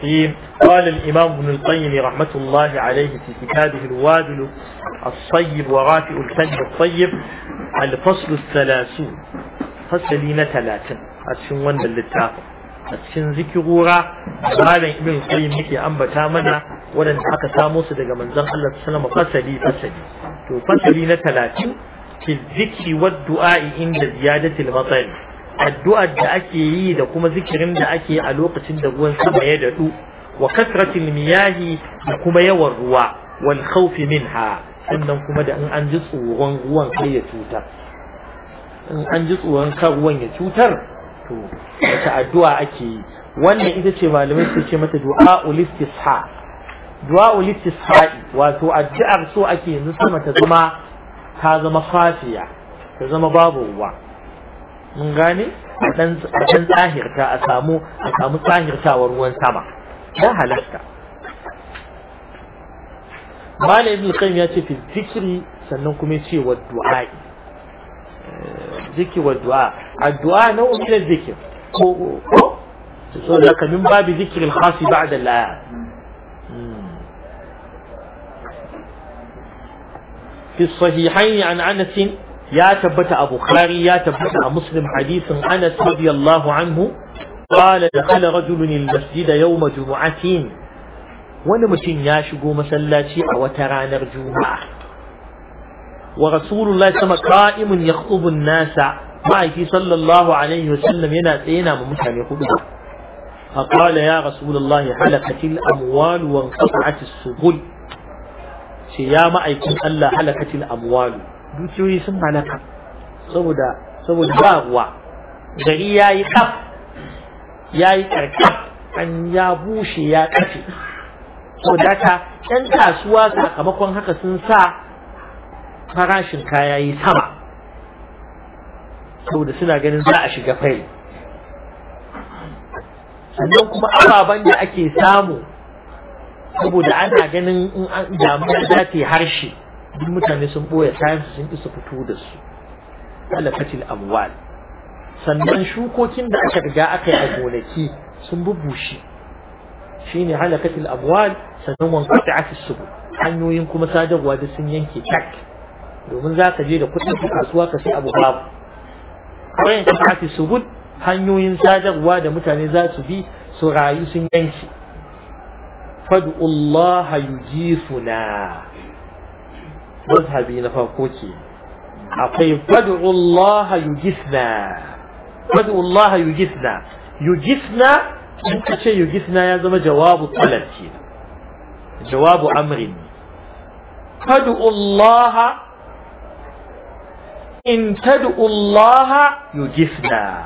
الرحيم قال الإمام ابن القيم رحمة الله عليه في كتابه الوادل الصيب ورافع الفن الطيب الفصل الثلاثون فصلين ثلاثا أتشن وند للتافة أتشن غورا قال ابن القيم يكي أنبا تامنا ولن حكى ساموس دقا من زن الله سلم فصلي فصلي فصلين ثلاثين في الذكر والدعاء عند زيادة المطالب addu'ar da ake yi da kuma zikirin da ake a lokacin da ruwan sama ya dadu wa kasratil miyahi da kuma yawan ruwa wal khawf minha sannan kuma da in an ji tsoron ruwan kai ya cutar in an ji tsoron kan ruwan ya cutar to wata addu'a ake yi wannan ita ce malamai su ce mata du'a ulistisha du'a ulistisha wato addu'ar so ake yanzu sama ta zama ta zama fafiya ta zama babu ruwa mun gane a dan tsahirta a samu a samu tsahirtawar ruwan sama ya halasta malai ibn qayyim ya ce fi zikri sannan kuma ya ce wa du'a'i zikri wa du'a addu'a nau'u min zikr ko ko so da min babu zikri al-khas ba'da al-ayat في الصحيحين عن أنس ya tabbata a bukhari ya tabbata a muslim hadisin anas radiyallahu anhu qala dakhala rajulun al-masjid yawma jumu'atin wani mutum ya shigo masallaci a wata ranar juma'a wa rasulullahi sama qa'imun yakhuthubu an-nasa ma'aiki sallallahu wa sallam yana tsaye ma mutane hudu فقال يا رسول الله حلقت الأموال وانقطعت السبل شيا ما أيكم ألا حلقت dukiyoyi sun halaka saboda saboda ba ruwa gari ya yi kaf ya yi karkaf an ya bushe ya karfe saboda haka yan kasuwa sakamakon haka sun sa farashin kaya yi sama saboda suna ganin za a shiga fai sannan kuma ababen da ake samu saboda ana ganin in damar za ta yi harshe duk mutane sun boye kayan sun isa fito da su talakatil amwal sannan shukokin da aka riga aka yi a gonaki sun Shi shine halakatil amwal sannan wanka aka subu hanyoyin kuma sadarwa da sun yanke tak domin za ka je da kuɗin kasuwa ka sai abu babu kawai ka aka subu hanyoyin sadarwa da mutane za su bi su rayu sun yanke fadu Allah yujifuna مذهبي نفاقوكي أقيم فدعو الله يجثنا فدعو الله يجثنا يجثنا أنت شيء يجثنا يا زما جواب الطلب جواب أمر فدعو الله إن تدعو الله يجثنا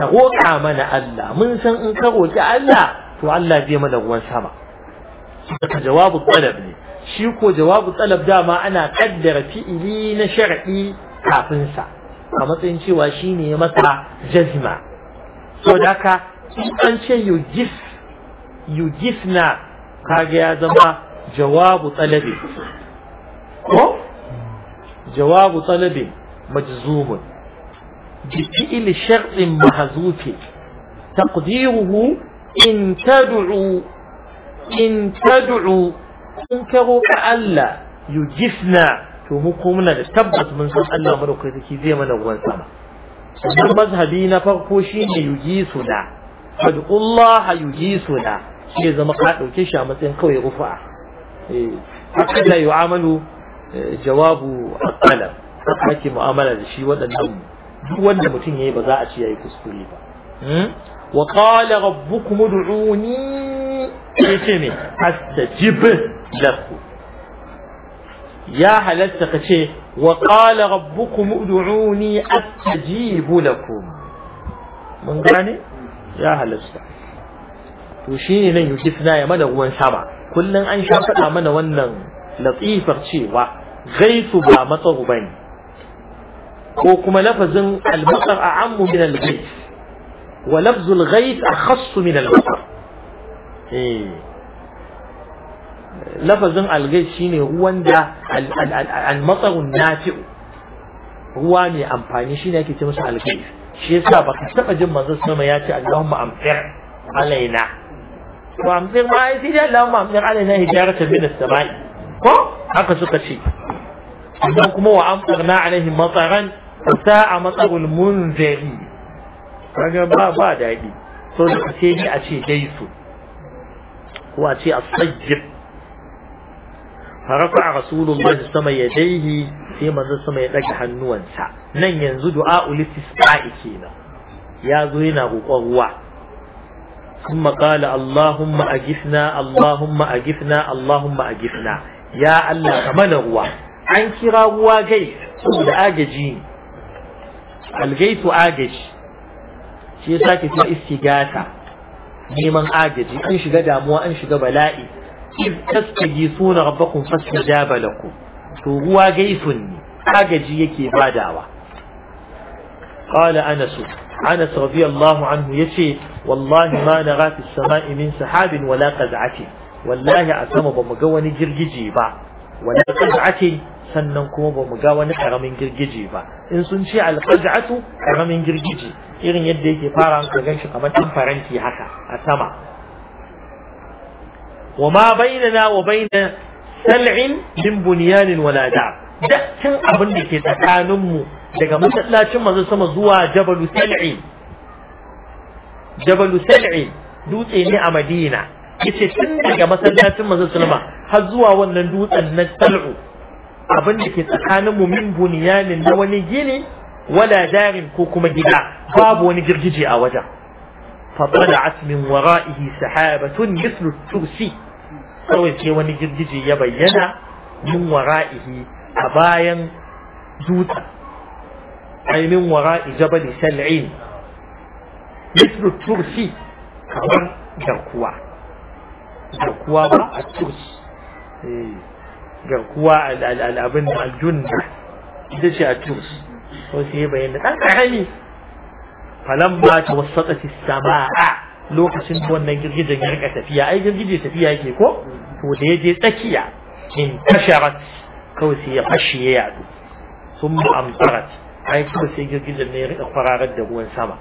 تغوك عمنا الله من سنقوك الله تعالى في ملغوان سما جواب الطلب shi ko jawabu talab dama ana kaddara fi'ili na shar'i kafin sa a matsayin cewa shine ya masa jazma so da haka an ce yugis yugisna kaga ya zama jawabu talabi ko jawabu talabi majzumun بفعل شرط mahzufi taqdiruhu in tad'u in tad'u in ka Allah yujifna to mu ko da tabbas mun san Allah madaukaki zai mana ruwan sama sannan mazhabi na farko shine yujisuna fadullah yujisuna shi ya zama ka dauke shi a matsayin kawai rufa eh haka la yu'amalu eh, jawabu al haka mu'amala da shi waɗannan duk wanda mutum yayi ba za a ci yayi kuskure ba hmm? wa qala rabbukum ud'uni yace جرقو يا حللت قشي وقال ربكم ادعوني أستجيب لكم من قراني يا حللت وشيني لن يجفنا يا مدى وان سبع كلن أن شافتنا مدى وانا لطيفة قشي وغيث با مطغبين وكما لفظ المطر أعم من الغيث ولفظ الغيث أخص من المطر إيه. lafazin algai shine ruwan da almatsarun nafi'u ruwa mai amfani shi ne ake ce masa algai shi yasa baka taba jin manzon sama ya ce Allahumma amtir alaina to amtir ma ai sai Allahumma amtir alaina hijarata min as-sama'i ko haka suka ce idan kuma wa amtarna alaihim mataran sa'a matsarul munzari kaga ba ba daɗi so da sai a ce dai su ko a ce as-sajjib فرفع رسول الله sama daihi sai manzo sama ya daga hannuwansa nan yanzu du'a ulistisqa'i kenan ya zo yana roƙon ruwa ثم قال اللهم أجفنا اللهم أجفنا اللهم أجفنا يا الله mana ruwa. an kira ruwa gai da agaji ne algaitu agaji shi yasa ke cewa istigata neman agaji an shiga damuwa an shiga bala'i iz tastagisuna rabbakum fastajaba lakum to ruwa gaisun ne agaji yake badawa qala anas anas radiyallahu anhu yace wallahi ma nara fi samai min sahabin wala qaz'ati wallahi a sama bamu ga wani girgije ba wala qaz'ati sannan kuma bamu ga wani karamin girgije ba in sun ce alqaz'atu karamin girgije irin yadda yake fara an ka ganshi kamar faranti haka a sama وما بيننا وبين سلع من بنيان ولا دعم دكتن أبن لكي تكانم daga masallacin manzon sama zuwa Jabal Sal'i Jabal Sal'i dutse ne a Madina yace tun daga masallacin manzon sallama har zuwa wannan dutsen na Sal'u abin da ke tsakanin mu min bunyanin na wani gini wala darin ko kuma gida babu wani girgije a wajen fa tala'at min sahabatun kawai sai wani girgije ya bayyana min wara'ihi a bayan dutsen ai min wara'i jabal sal'in mislu tursi kamar garkuwa garkuwa ba a tursi eh, garkuwa al'abin aljunna ita ce a tursi so sai bayyana ɗan ƙarami falamma ta wasu sama sama'a. lokacin wannan girgijen ya rika tafiya ai girgije tafiya yake ko to da ya je tsakiya in tasharat kawai sai ya fashe ya yadu sun amsarat ai kawai sai girgijen ne ya rika kwararar da ruwan sama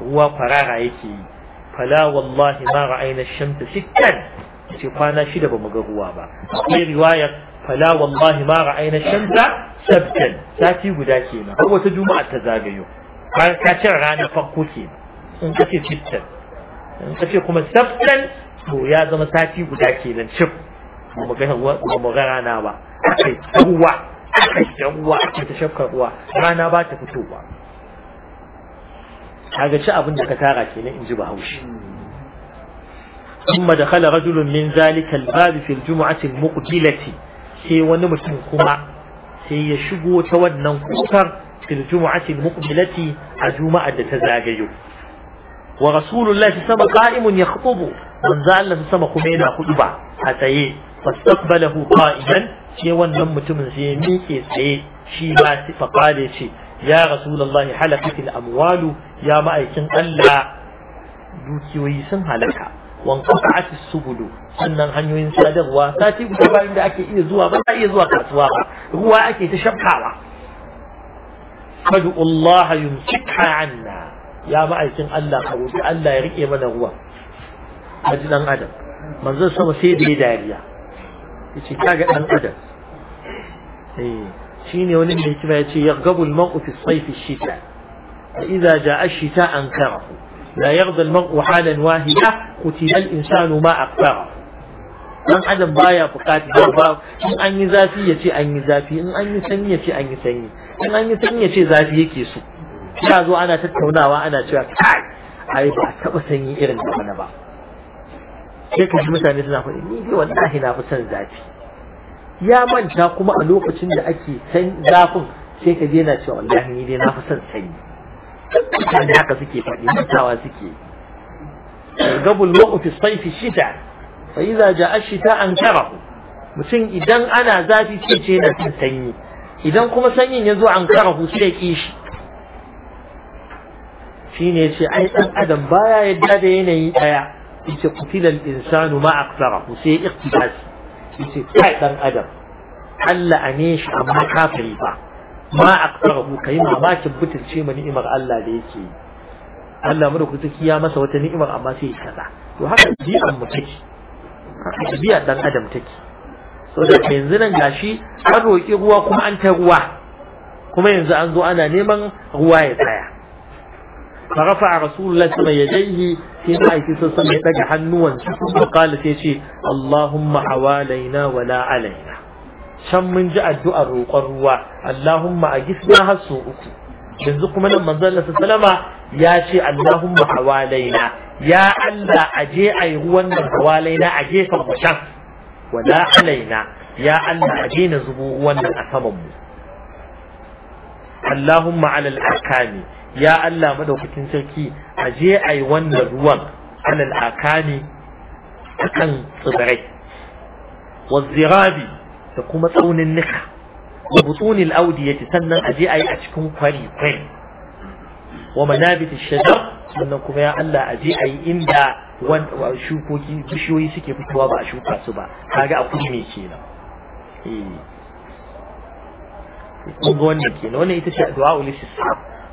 ruwa farara yake yi fala wallahi ma ra'ayna shamsa sittan ce kwana shida ba mu ga ruwa ba akwai riwayar fala wallahi ma ra'ayna shamsa sabtan sati guda kenan ko wata juma'a ta zagayo ka cin ranar farko kenan in kace sittan in ka ce kuma saftan to ya zama sati guda kenan cif ba mu ga ba mu ga rana ba akai ruwa akai ruwa akai ta shafka ruwa rana ba ta fitowa kaga ci abin da ka tara kenan in ji bahaushe ثم دخل رجل من ذلك الباب في الجمعة المقبلة sai wani mutum kuma sai ya shigo ta wannan kofar fil jumu'ati muqbilati a juma'ar da ta zagayo wa rasulullahi sama ya yakhutubu manzo Allah sama kuma yana ba a tsaye fastaqbalahu qa'idan ce wannan mutumin sai ya miƙe tsaye shi ba shi faqale ce ya rasulullahi halakatil amwalu ya ma'aikin Allah dukiyoyi sun halaka wan qata'at subulu sannan hanyoyin sadarwa sati guda bayan da ake iya zuwa ba iya zuwa kasuwa ba ruwa ake ta shafkawa fadu Allah yumsikha anna ya ma'aikin Allah a roƙi Allah ya rike mana ruwa a ji ɗan adam manzon sama sai da ya dariya yace kaga ɗan adam eh, Shi ne wani mai ya ce ya al-mar'u fi as-sayf ash-shita a idza ja'a ash-shita ankarahu la yaghda al-mar'u halan wahida qutila al-insanu ma akfara dan adam baya bukati ba in an yi zafi yace an yi zafi in an yi sanyi yace an yi sanyi in an yi sanyi yace zafi yake so ya zo ana tattaunawa ana cewa kai ai ba taɓa sanyi irin da wani ba sai ka ji mutane suna faɗi ni dai wallahi na fi son zafi ya manta kuma a lokacin da ake san zafin sai ka je na cewa wallahi ni dai na fi son sanyi mutane haka suke faɗi mutawa suke gabul ma'u fi saifi shita fa idza ja'a shita karahu mutum idan ana zafi sai ce na son sanyi idan kuma sanyin ya zo karahu sai ya ƙi shi shine yace ai dan adam baya yadda da yanayi daya yace qutila insanu ma aktharahu sai iqtibas yace kai dan adam Allah ane shi amma kafiri ba ma ka kai mamakin butulce ma ni'imar Allah da yake yi Allah madaukaki ya masa wata ni'imar amma sai ya kaza to haka bi'an mu take haka bi'an dan adam take so da yanzu nan gashi an roki ruwa kuma an ta ruwa kuma yanzu an zo ana neman ruwa ya tsaya فرفع رسول الله صلى الله عليه وسلم يديه وقال في شيء اللهم حوالينا ولا علينا شم من جاء الدعاء الروا اللهم اجسنا هالسوق من زكم من منزل الله صلى الله عليه وسلم يا شي اللهم حوالينا يا الله اجي اي هو حوالينا اجي فرشان ولا علينا يا الله اجي نزبو وانا اللهم على الاركان ya Allah madaukakin sarki a je a yi wannan ruwan alal akani akan tsibirai wazzirabi da kuma tsaunin nika da butunil audiyati sannan a je a yi a cikin kwari kwari wa manabit shajar sannan kuma ya Allah a je a yi inda shukoki bishiyoyi suke fitowa ba a shuka su ba kaga a ne kenan eh kun ga wannan kenan wannan ita ce du'a ulisis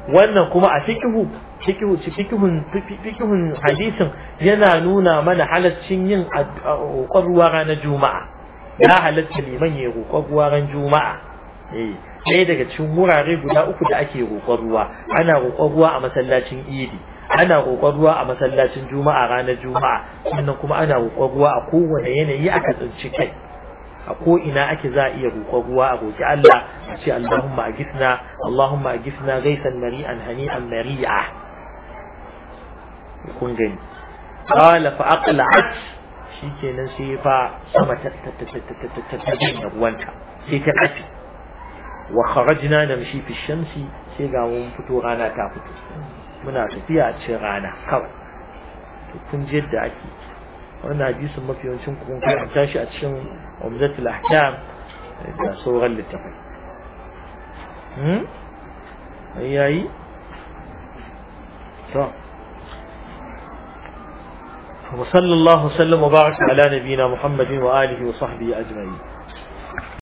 wannan kuma a fikihu fikihu fikihun fikihun hadisin yana nuna mana halaccin yin roƙon ruwa ranar juma'a ya halatta liman ya roƙon ruwa ran juma'a eh ɗaya daga cikin wurare guda uku da ake roƙon ruwa ana roƙon ruwa a masallacin idi ana roƙon ruwa a masallacin juma'a ranar juma'a sannan kuma ana roƙon ruwa a kowane yanayi aka tsinci kai ko ina ake za a iya roƙo ruwa a roƙi Allah a ce Allahumma ajisna Allahumma ajisna gaisan mari'an hani'an mari'a kun gani qala fa aqla'at shikenan sai fa sama ta ta ta ta ta ta ruwanta sai ta kafi wa kharajna namshi fi shamsi sai ga mun fito rana ta fito muna tafiya a cikin rana kawai kun je da ake وانا حديث ما في ينسون كون كون تاشي اتشم ومزات الاحكام سو غلت هم اي اي صح وصلى الله وسلم وبارك على نبينا محمد واله وصحبه اجمعين